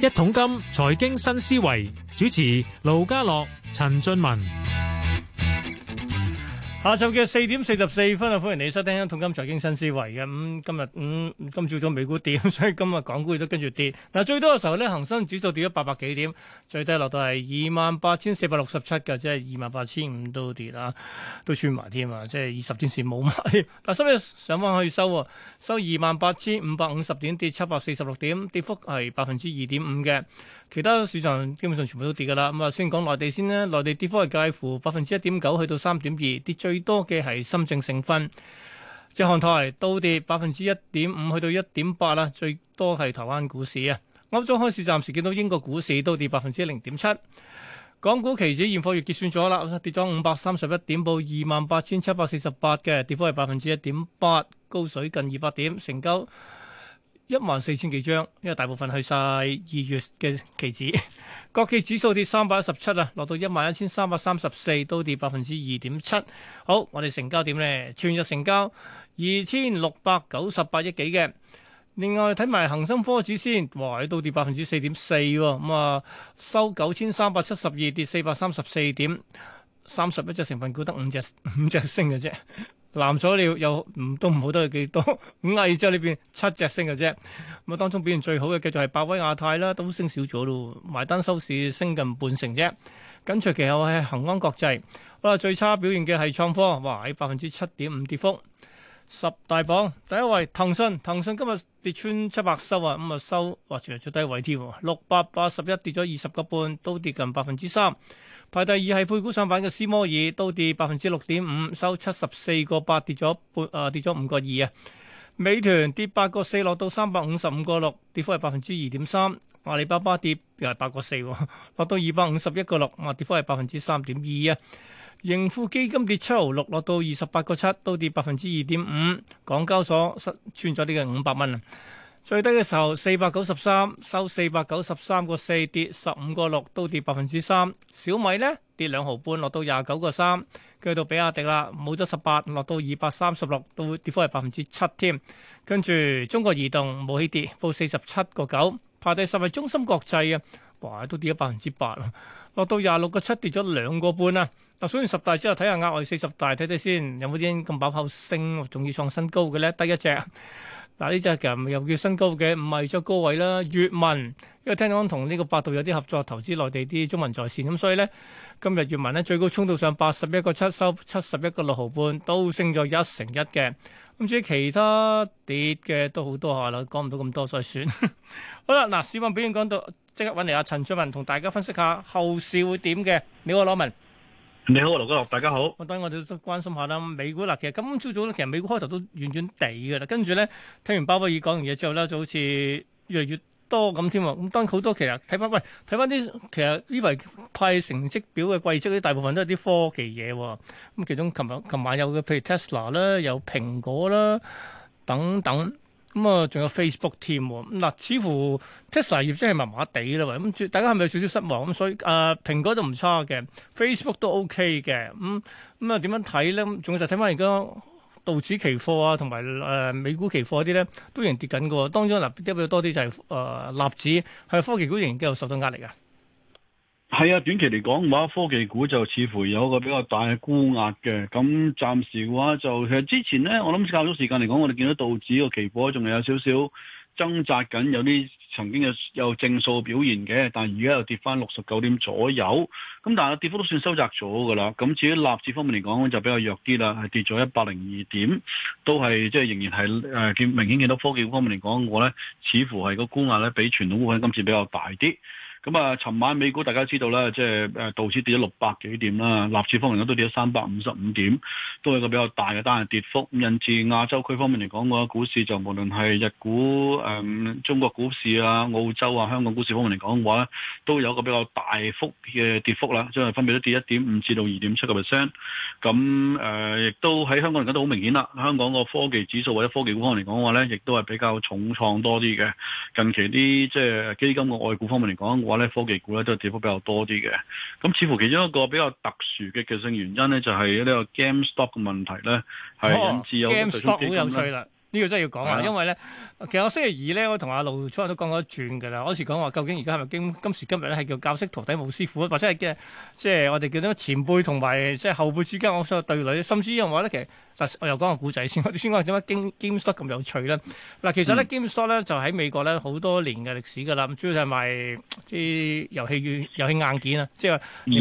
一統金財經新思維，主持盧家樂、陳俊文。下晝嘅四點四十四分啊，歡迎你收聽《痛金財經新思維》嘅，咁今日咁、嗯、今朝早美股跌，所以今日港股亦都跟住跌。嗱，最多嘅時候咧，恒生指數跌咗八百幾點，最低落到係二萬八千四百六十七嘅，即係二萬八千五都跌啦，都算埋添啊，即係二十天線冇買。但係今日上返去可以收，收二萬八千五百五十點，跌七百四十六點，跌幅係百分之二點五嘅。其他市場基本上全部都跌噶啦。咁啊，先講內地先啦，內地跌幅係介乎百分之一點九去到三點二，跌最多嘅係深圳成分，即行台都跌百分之一點五，去到一點八啦。最多係台灣股市啊。歐洲開市暫時見到英國股市都跌百分之零點七。港股期指現貨月結算咗啦，跌咗五百三十一點，報二萬八千七百四十八嘅，跌幅係百分之一點八，高水近二百點，成交一萬四千幾張，因為大部分去晒二月嘅期指。國企指數跌三百一十七啊，落到一萬一千三百三十四，都跌百分之二點七。好，我哋成交點呢，全日成交二千六百九十八億幾嘅。另外睇埋恒生科指先，哇，佢到跌百分之四點四，咁啊，收九千三百七十二，跌四百三十四點。三十一隻成分股，得五隻五隻升嘅啫。藍咗料又唔都唔好得幾多，五 A 之後呢邊七隻升嘅啫，咁啊當中表現最好嘅繼續係百威亞太啦，都升少咗咯，埋單收市升近半成啫。緊隨其後係恒安國際，好啦最差表現嘅係創科，話喺百分之七點五跌幅。十大榜第一位騰訊，騰訊今日跌穿七百收啊，咁啊收，哇，全係最低位添，六百八十一跌咗二十個半，都跌近百分之三。排第二係配股上版嘅斯摩爾，都跌百分之六點五，收七十四個八，跌咗半，誒跌咗五個二啊。美團跌八個四，落到三百五十五個六，跌幅係百分之二點三。阿里巴巴跌又係八個四，落到二百五十一個六，啊跌幅係百分之三點二啊。盈富基金跌七毫六，落到二十八個七，都跌百分之二點五。港交所失穿咗呢個五百蚊啊。最低嘅時候四百九十三，收四百九十三個四，跌十五個六，都跌百分之三。小米呢，跌兩毫半，落到廿九個三。跟住到比亞迪啦，冇咗十八，落到二百三十六，都跌幅係百分之七添。跟住中國移動冇起跌，報四十七個九。排第十係中芯國際啊，哇，都跌咗百分之八啊，落到廿六個七，跌咗兩個半啊。嗱，數完十大之後，睇下額外四十大，睇睇先有冇啲咁爆口升，仲要創新高嘅咧，得一隻。嗱，呢隻其實又叫新高嘅，唔係咗高位啦。月文，因為聽到講同呢個百度有啲合作投資內地啲中文在線，咁所以咧今日月文咧最高衝到上八十一個七，收七十一個六毫半，都升咗一成一嘅。咁至於其他跌嘅都好多下啦，講唔到咁多，所以算好啦。嗱，市民表現講到即刻揾嚟阿陳俊文同大家分析下後市會點嘅。你好，羅文。你好，劉家樂，大家好。我等我哋都關心一下啦。美股嗱，其實今朝早其實美股開頭都軟軟地嘅啦。跟住咧，聽完鮑威爾講完嘢之後咧，就好似越嚟越多咁添啊。咁當好多其實睇翻，喂，睇翻啲其實呢 y 派成績表嘅季績咧，大部分都係啲科技嘢。咁其中琴日、琴晚有嘅，譬如 Tesla 啦，有蘋果啦，等等。咁啊，仲有 Facebook 添喎，嗱，似乎 Tesla 業績係麻麻地啦，咁大家係咪有少少失望？咁所以，誒蘋果都唔差嘅，Facebook 都 OK 嘅，咁咁啊點樣睇咧？咁仲要就睇翻而家道指期貨啊，同埋美股期貨啲咧，都仍然跌緊嘅喎。當中嗱、就是，啲比較多啲就係誒納指係科技股仍然都有受到壓力嘅、啊。係啊，短期嚟講嘅話，科技股就似乎有一個比較大嘅沽壓嘅。咁暫時嘅話就其實之前呢，我諗較早時間嚟講，我哋見到道指個期貨仲係有少少掙扎緊，有啲曾經有有正數表現嘅，但係而家又跌翻六十九點左右。咁但係跌幅都算收窄咗嘅啦。咁至於納指方面嚟講，就比較弱啲啦，係跌咗一百零二點，都係即係仍然係、呃、明顯見到科技股方面嚟講嘅話咧，似乎係個沽壓呢比傳統股今次比較大啲。咁啊，尋、嗯、晚美股大家知道啦，即係誒道指跌咗六百幾點啦，納指方面都跌咗三百五十五點，都係一個比較大嘅單日跌幅。咁引致亞洲區方面嚟講嘅話，股市就無論係日股誒、嗯、中國股市啊、澳洲啊、香港股市方面嚟講嘅話都有個比較大幅嘅跌幅啦，即、就、係、是、分別都跌一點五至到二點七個 percent。咁誒亦都喺香港嚟講都好明顯啦，香港個科技指數或者科技股方面嚟講嘅話咧，亦都係比較重創多啲嘅。近期啲即係基金個外股方面嚟講。話咧，科技股咧都係跌幅比較多啲嘅，咁似乎其中一個比較特殊嘅劇性原因咧，就係、是、呢個 GameStop 嘅問題咧，係、哦、引致有 GameStop 好有趣啦。呢個真係要講下，因為咧，其實我星期二咧，我同阿、啊、盧初都講咗一轉嘅啦。嗰時講話究竟而家係咪經今時今日咧係叫教識徒弟冇師傅啊，或者係嘅，即係我哋叫啲咩前輩同埋即係後輩之間我所有對壘。甚至因為話咧，其實，我又講個古仔先。我先講點解 Game GameStop 咁有趣咧？嗱，其實咧 GameStop 咧就喺美國咧好多年嘅歷史噶啦。咁主要就係賣啲遊戲軟、遊戲硬件啊，即係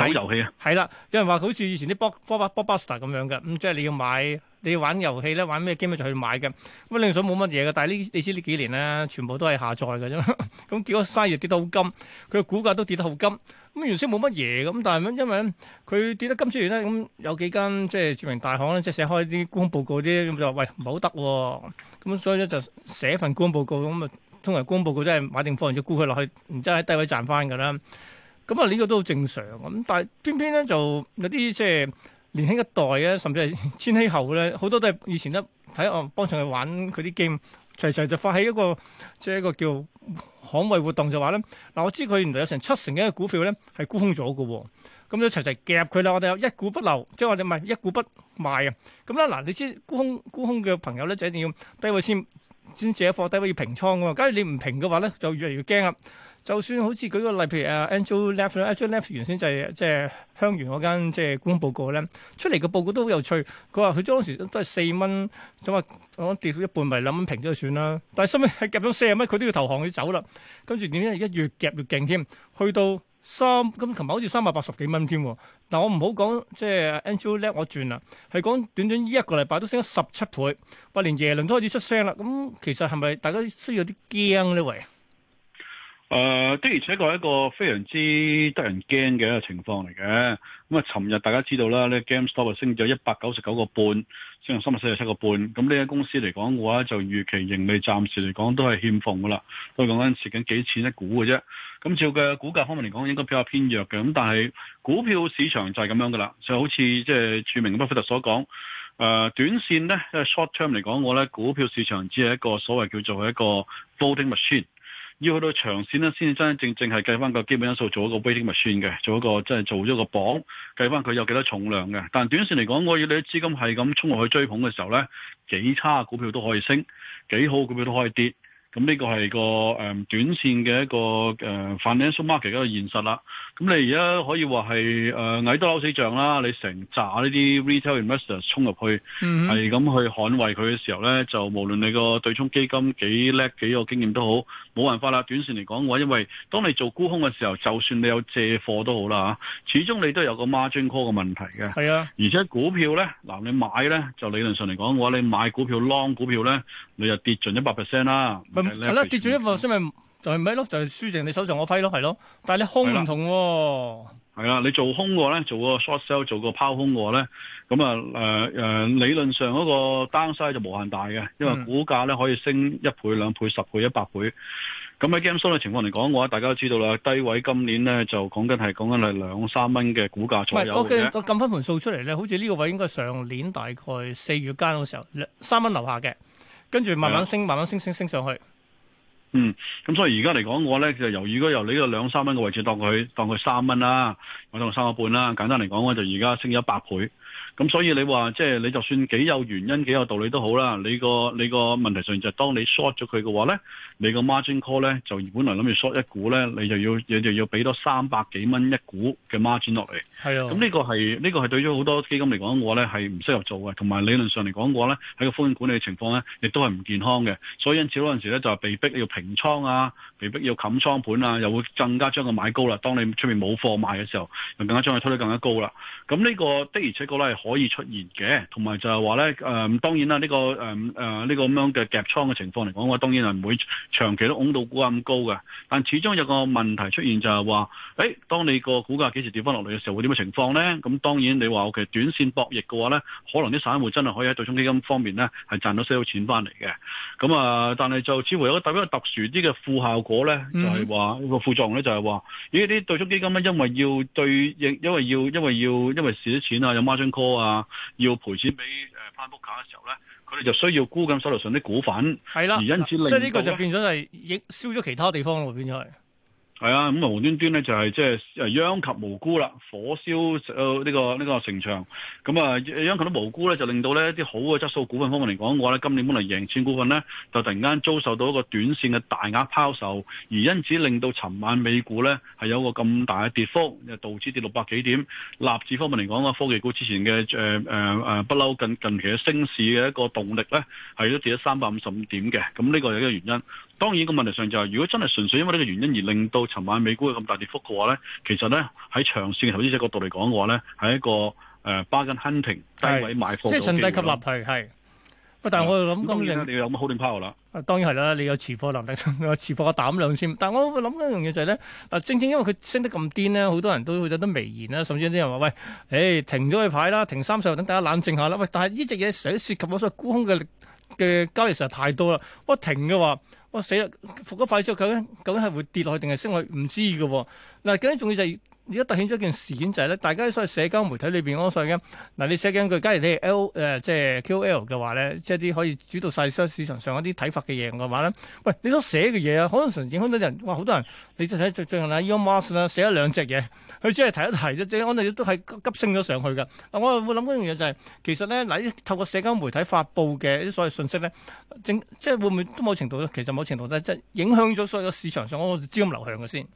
二手遊戲啊。係啦，有人話好似以前啲 Block、Block、Blockbuster 咁樣嘅，咁即係你要買。你玩遊戲咧，玩咩 game 就去買嘅。咁乜另想冇乜嘢嘅，但係呢你知呢幾年咧，全部都係下載嘅啫。咁 結果生意跌得好金，佢嘅股價都跌得好金。咁原先冇乜嘢咁，但係因為佢跌得金之餘咧，咁有幾間即係著名大行咧，即係寫開啲沽空報告啲咁就喂唔係好得。咁、啊、所以咧就寫一份沽空報告咁啊，通常沽空報告都係、就是、買定貨，要沽佢落去，然之後喺低位賺翻㗎啦。咁啊呢個都好正常咁，但係偏偏咧就有啲即係。年輕一代啊，甚至係千禧後咧，好多都係以前一睇我幫手去玩佢啲 game，齊齊就發起一個即係一個叫捍衞活動，就話咧嗱，我知佢原來有成七成嘅股票咧係沽空咗嘅，咁就齊齊夾佢啦。我哋有一股不留，即係我哋唔係一股不賣啊。咁咧嗱，你知沽空沽空嘅朋友咧就一定要低位先先借貨，低位要平倉嘅嘛。假如你唔平嘅話咧，就越嚟越驚啊。就算好似舉個例，譬如阿 Angelo Lafre，Angelo Lafre 原先就係即係香園嗰間即係官方報告咧，出嚟嘅報告都好有趣。佢話佢當時都係四蚊，想話講跌到一半咪兩蚊平咗算啦。但係收尾係夾咗四十蚊，佢都要投降要走啦。跟住點咧？而家越夾越勁添，去到三咁，琴日好似三百八十幾蚊添。但係我唔好講即係 Angelo Lafre 我轉啦，係講短短一個禮拜都升咗十七倍，連耶倫都開始出聲啦。咁其實係咪大家需要有啲驚咧？喂？誒、呃，的而且確係一個非常之得人驚嘅一個情況嚟嘅。咁、嗯、啊，尋日大家知道啦，呢、這個、GameStop 升咗一百九十九個半，升從三百四十七個半。咁呢間公司嚟講嘅話，就預期盈利暫時嚟講都係欠奉㗎啦。所以講緊蝕緊幾錢一股嘅啫。咁、嗯、照嘅股價方面嚟講，應該比較偏弱嘅。咁、嗯、但係股票市場就係咁樣㗎啦。就好似即係著名嘅巴菲特所講，誒、呃，短線呢 short term 嚟講，我呢股票市場只係一個所謂叫做一個 voting machine。要去到長線咧，先真正正係計翻個基本因素，做一個 weighting 嘅，做一個即係做咗個榜，計翻佢有幾多重量嘅。但短線嚟講，我要你資金係咁衝落去追捧嘅時候咧，幾差嘅股票都可以升，幾好股，股票都可以跌。咁呢個係個誒短線嘅一個誒 financial market 嘅一個現實啦。咁你而家可以話係誒蟻多褸死象啦。你成扎呢啲 retail investors 衝入去，係咁、嗯、哼去捍衞佢嘅時候咧，就無論你個對沖基金幾叻幾有經驗都好，冇辦法啦。短線嚟講嘅話，因為當你做沽空嘅時候，就算你有借貨都好啦，嚇始終你都有個 margin call 嘅問題嘅。係啊、嗯哼，而且股票咧，嗱你買咧，就理論上嚟講嘅話，你買股票 long 股票咧，你就跌盡一百 percent 啦。係啦、嗯，跌住一步先咪就係咪咯？就係輸淨你手上我批咯，係咯。但係你空唔同喎、哦。係啊，你做空嘅話咧，做個 short sell，做個拋空嘅話咧，咁啊誒誒，理論上嗰個單 size 就無限大嘅，因為股價咧可以升一倍、兩倍、十倍、一百倍。咁喺 GameStop 嘅情況嚟講嘅話，大家都知道啦，低位今年咧就講緊係講緊係兩三蚊嘅股價左右嘅。我撳翻盤數出嚟咧，好似呢個位應該係上年大概四月間嗰時候三蚊樓下嘅，跟住慢慢升，了慢慢升升升，升上去。嗯，咁所以而家嚟講嘅話咧，就由如果由你個兩三蚊嘅位置當佢當佢三蚊啦，我當佢三個半啦，簡單嚟講我就而家升咗一百倍。咁所以你話即係你就算幾有原因幾有道理都好啦，你個你個問題上就係當你 short 咗佢嘅話咧，你個 margin call 咧就本來諗住 short 一股咧，你就要你就要俾多三百幾蚊一股嘅 margin 落嚟，係啊、哦，咁呢個係呢、呢個係對咗好多基金嚟講，嘅話咧係唔適合做嘅，同埋理論上嚟講嘅話咧，喺個風險管理嘅情況咧，亦都係唔健康嘅。所以因此嗰陣時咧就係、是、被逼要平倉啊，被逼要冚倉盤啊，又會更加將佢買高啦。當你出面冇貨賣嘅時候，又更加將佢推得更加高啦。咁呢個的而且確咧可以出現嘅，同埋就係話咧，誒、呃，當然啦，呢、這個誒誒呢個咁樣嘅夾倉嘅情況嚟講嘅，當然係唔會長期都拱到股咁高嘅。但始終有個問題出現就係話，誒，當你個股價幾時跌翻落嚟嘅時候，會點嘅情況咧？咁、嗯、當然你話我其實短線博弈嘅話咧，可能啲散戶真係可以喺對沖基金方面咧係賺到些少，少錢翻嚟嘅。咁、嗯、啊，但係就似乎有個特別特殊啲嘅副效果咧，就係話個副作用咧就係話，咦啲對沖基金咧因為要對因為要因為要因為蝕啲錢啊，有 margin call 啊！要賠錢俾誒返屋卡嘅時候咧，佢、呃、哋的就需要沽緊手頭上啲股份，是的而因此即係呢個就變咗係燒咗其他地方喇喎，變咗係。係啊，咁啊無端端咧就係即係誒殃及無辜啦，火燒誒、這、呢個呢、這個城牆。咁、嗯、啊，殃及啲無辜咧，就令到咧啲好嘅質素股份方面嚟講嘅話咧，今年本嚟贏錢股份咧，就突然間遭受到一個短線嘅大額拋售，而因此令到尋晚美股咧係有個咁大嘅跌幅，就導致跌六百幾點。納指方面嚟講嘅科技股之前嘅誒誒誒不嬲近近期嘅升市嘅一個動力咧，係都跌咗三百五十五點嘅。咁呢個有一個原因。當然個問題上就係、是，如果真係純粹因為呢個原因而令到尋晚美股咁大跌幅嘅話咧，其實咧喺長線投資者角度嚟講嘅話咧，係一個誒 Bargain Hunting 低位買貨的，即係順低吸納係係。喂，但係我哋諗當然你有乜好定 power 啦？誒當然係啦，你有持貨能力，有持貨嘅膽量先。但係我會諗緊一樣嘢就係咧，嗱，正正因為佢升得咁癲咧，好多人都有得微言啦，甚至有啲人話喂，誒停咗佢牌啦，停三十等大家冷靜下啦。喂，但係呢隻嘢成日涉及我所謂沽空嘅嘅交易，實在太多啦。喂，停嘅話。哇、哦、死啦！復咗快之後究竟究竟係會跌落去定係升落去？唔知嘅喎、哦。嗱、啊，咁樣仲要就係。而家突顯咗一件事件就係咧，大家喺所有社交媒體裏邊，我所講嗱，你寫緊句，假如你係 L 誒即係 KOL 嘅話咧，即係啲可以主導晒所有市場上一啲睇法嘅嘢嘅話咧，喂，你所寫嘅嘢啊，可能成時影響到人，哇！好多人，你就睇、e、最近阿 Elon Musk 啦寫咗兩隻嘢，佢只係提一提，即係我哋都係急升咗上去嘅、啊。我會諗嗰樣嘢就係、是，其實咧嗱，透過社交媒體發布嘅啲所謂信息咧，正即係會唔會都某程度其實某程度即係影響咗所有市場上嗰個資金流向嘅先。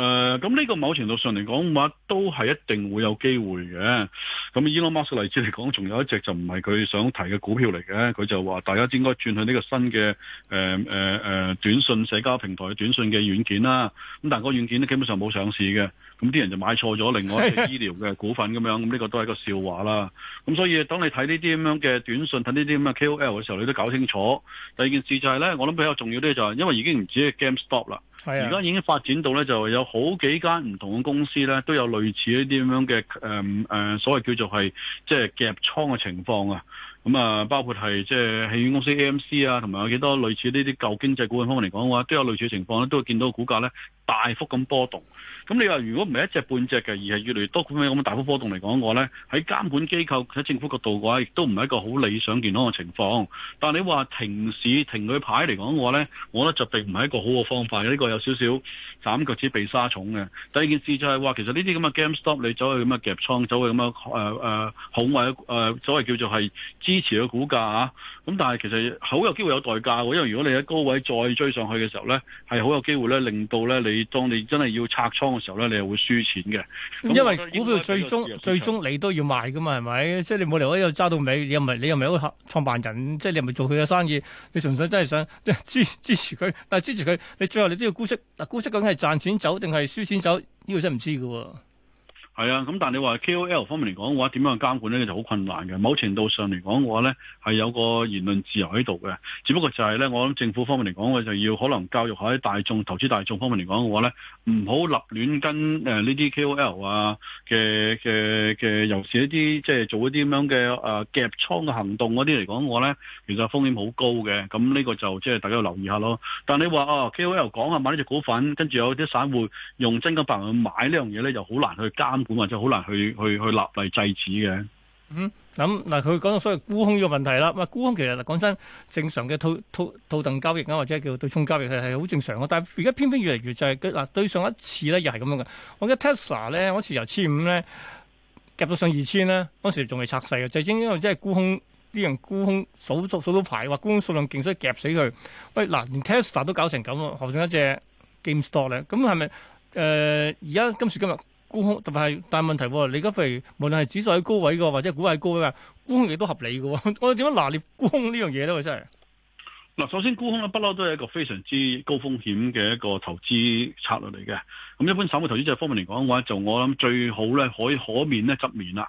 誒咁呢個某程度上嚟講話，都係一定會有機會嘅。咁 Elon Musk 例子嚟講，仲有一隻就唔係佢想提嘅股票嚟嘅。佢就話大家應該轉去呢個新嘅誒誒誒短信社交平台短信嘅軟件啦。咁但係個軟件基本上冇上市嘅，咁啲人就買錯咗另外一隻醫療嘅股份咁樣。咁呢 個都係一個笑話啦。咁所以當你睇呢啲咁樣嘅短信，睇呢啲咁嘅 KOL 嘅時候，你都搞清楚。第二件事就係、是、咧，我諗比較重要啲就係、是、因為已經唔止係 GameStop 啦。係而家已經發展到咧，就有好幾間唔同嘅公司咧，都有類似呢啲咁樣嘅誒誒，所謂叫做係即係夾倉嘅情況啊。咁啊，包括係即係戲院公司 AMC 啊，同埋有幾多類似呢啲舊經濟股份方面嚟講嘅話，都有類似嘅情況咧，都會見到股價咧大幅咁波動。咁你話如果唔係一隻半隻嘅，而係越嚟越多咁樣咁嘅大幅波動嚟講嘅話咧，喺監管機構喺政府角度嘅話，亦都唔係一個好理想健康嘅情況。但係你話停市停佢牌嚟講嘅話咧，我覺得就並唔係一個好嘅方法呢、這個有少少斬腳趾避沙蟲嘅。第二件事就係話，其實呢啲咁嘅 Game Stop，你走去咁嘅夾倉，走去咁嘅誒誒孔位誒，呃呃呃、所謂叫做係。支持佢股價啊！咁但係其實好有機會有代價喎，因為如果你喺高位再追上去嘅時候咧，係好有機會咧，令到咧你當你真係要拆倉嘅時候咧，你又會輸錢嘅。因為股票最終最終你都要賣噶嘛，係咪？即係你冇理由呢度揸到尾，你又唔係你又唔係嗰個創辦人，即係你唔係做佢嘅生意，你純粹真係想支持佢但支持佢，但係支持佢，你最後你都要沽息。嗱，沽息究竟係賺錢走定係輸錢走？呢個真係唔知嘅喎。係啊，咁但係你話 KOL 方面嚟講嘅話，點樣監管咧，就好困難嘅。某程度上嚟講嘅話咧，係有個言論自由喺度嘅，只不過就係咧，我諗政府方面嚟講嘅就要可能教育下大眾、投資大眾方面嚟講嘅話咧，唔好立亂跟誒呢啲 KOL 啊嘅嘅嘅，尤其是一啲即係做一啲咁樣嘅誒夾倉嘅行動嗰啲嚟講，嘅話咧，其實風險好高嘅。咁呢個就即係、就是、大家要留意下咯。但係你話啊 KOL 講啊買呢隻股份，跟住有啲散戶用真金白銀去買呢樣嘢咧，就好難去監。咁就好難去去去立例制止嘅。嗯，咁嗱，佢講到所謂沽空呢個問題啦。咁啊，沽空其實嗱，講真，正常嘅套套套戥交易啊，或者叫對沖交易，係係好正常嘅。但係而家偏偏越嚟越就係、是、嗱，對上一次咧又係咁樣嘅。我記得 Tesla 咧，嗰次由千五咧，夾到上二千咧，嗰時仲未拆細嘅，就係、是、因因為真係沽空，啲人沽空數，數數到牌，話沽空數量勁，所以夾死佢。喂，嗱，連 Tesla 都搞成咁啊，何止一隻 GameStop 咧？咁係咪？誒、呃，而家今時今日。沽空特別係，但係問題，你而家譬如，無論係指數喺高位嘅，或者股喺高位嘅，沽空亦都合理嘅。我哋點樣拿捏沽空這件事呢樣嘢咧？我真係嗱，首先沽空咧，不嬲，都係一個非常之高風險嘅一個投資策略嚟嘅。咁一般散戶投資者方面嚟講嘅話，就我諗最好咧，可以可免咧則免啦。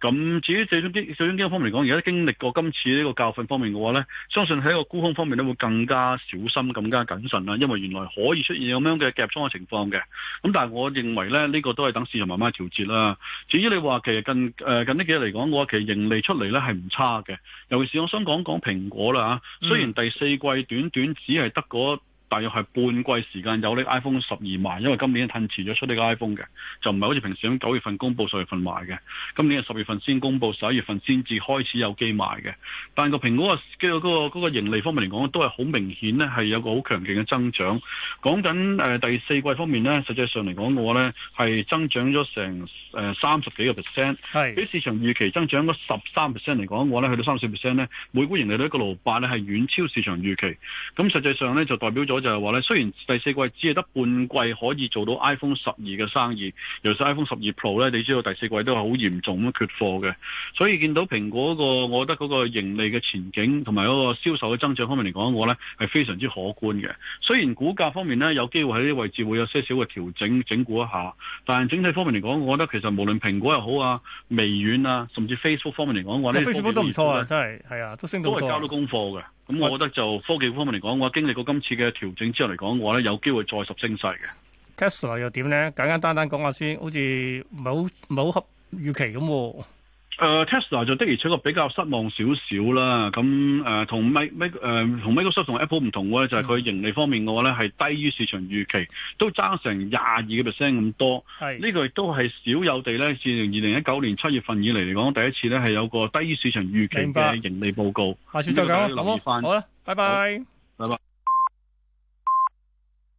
咁至於最終經最終經濟方面嚟講，而家經歷過今次呢個教訓方面嘅話呢，相信喺個沽空方面呢會更加小心、更加謹慎啦。因為原來可以出現咁樣嘅夾倉嘅情況嘅。咁但我認為呢呢、呢個都係等市場慢慢調節啦。至於你話其實近誒近呢幾日嚟講嘅話，我其實盈利出嚟呢係唔差嘅。尤其是我想講講蘋果啦嚇，嗯、雖然第四季短短只係得嗰。大約係半季時間有呢 iPhone 十二賣，因為今年褪遲咗出呢個 iPhone 嘅，就唔係好似平時咁九月份公佈十月份賣嘅。今年係十月份先公佈，十一月份先至開始有機賣嘅。但係個蘋果啊，嘅、嗰個嗰個嗰個盈利方面嚟講，都係好明顯咧，係有個好強勁嘅增長。講緊誒第四季方面咧，實際上嚟講嘅話咧，係增長咗成誒三十幾個 percent。係的，比市場預期增長咗十三 percent 嚟講嘅話咧，去到三十四 percent 咧，每股盈利到一個六八咧，係遠超市場預期。咁實際上咧，就代表咗。就係話咧，雖然第四季只係得半季可以做到 iPhone 十二嘅生意，尤其 iPhone 十二 Pro 咧，你知道第四季都係好嚴重咁缺貨嘅，所以見到蘋果個，我覺得嗰個盈利嘅前景同埋嗰個銷售嘅增長方面嚟講，我呢係非常之可觀嘅。雖然股價方面咧有機會喺啲位置會有些少嘅調整整固一下，但係整體方面嚟講，我覺得其實無論蘋果又好啊、微軟啊，甚至 Facebook 方面嚟講，我覺得 Facebook 都唔錯啊，真係係啊，都升都係交到功課嘅。咁、嗯、我,我覺得就科技方面嚟講嘅話經歷過今次嘅調整之後嚟講嘅話咧有機會再拾升勢嘅 Tesla 又點咧簡簡單單講下先好似唔係好唔係好合預期咁喎誒、呃、Tesla 就的而且確比較失望少少啦，咁誒、呃、同 Microsoft 同 Apple 唔同嘅咧，就係、是、佢盈利方面嘅話咧，係低於市場預期，都爭成廿二個 percent 咁多。係是呢個亦都係少有地咧，自二零一九年七月份以嚟嚟講，第一次咧係有個低於市場預期嘅盈利報告。下次再講啦，好 bye bye 好啦，拜拜，拜拜。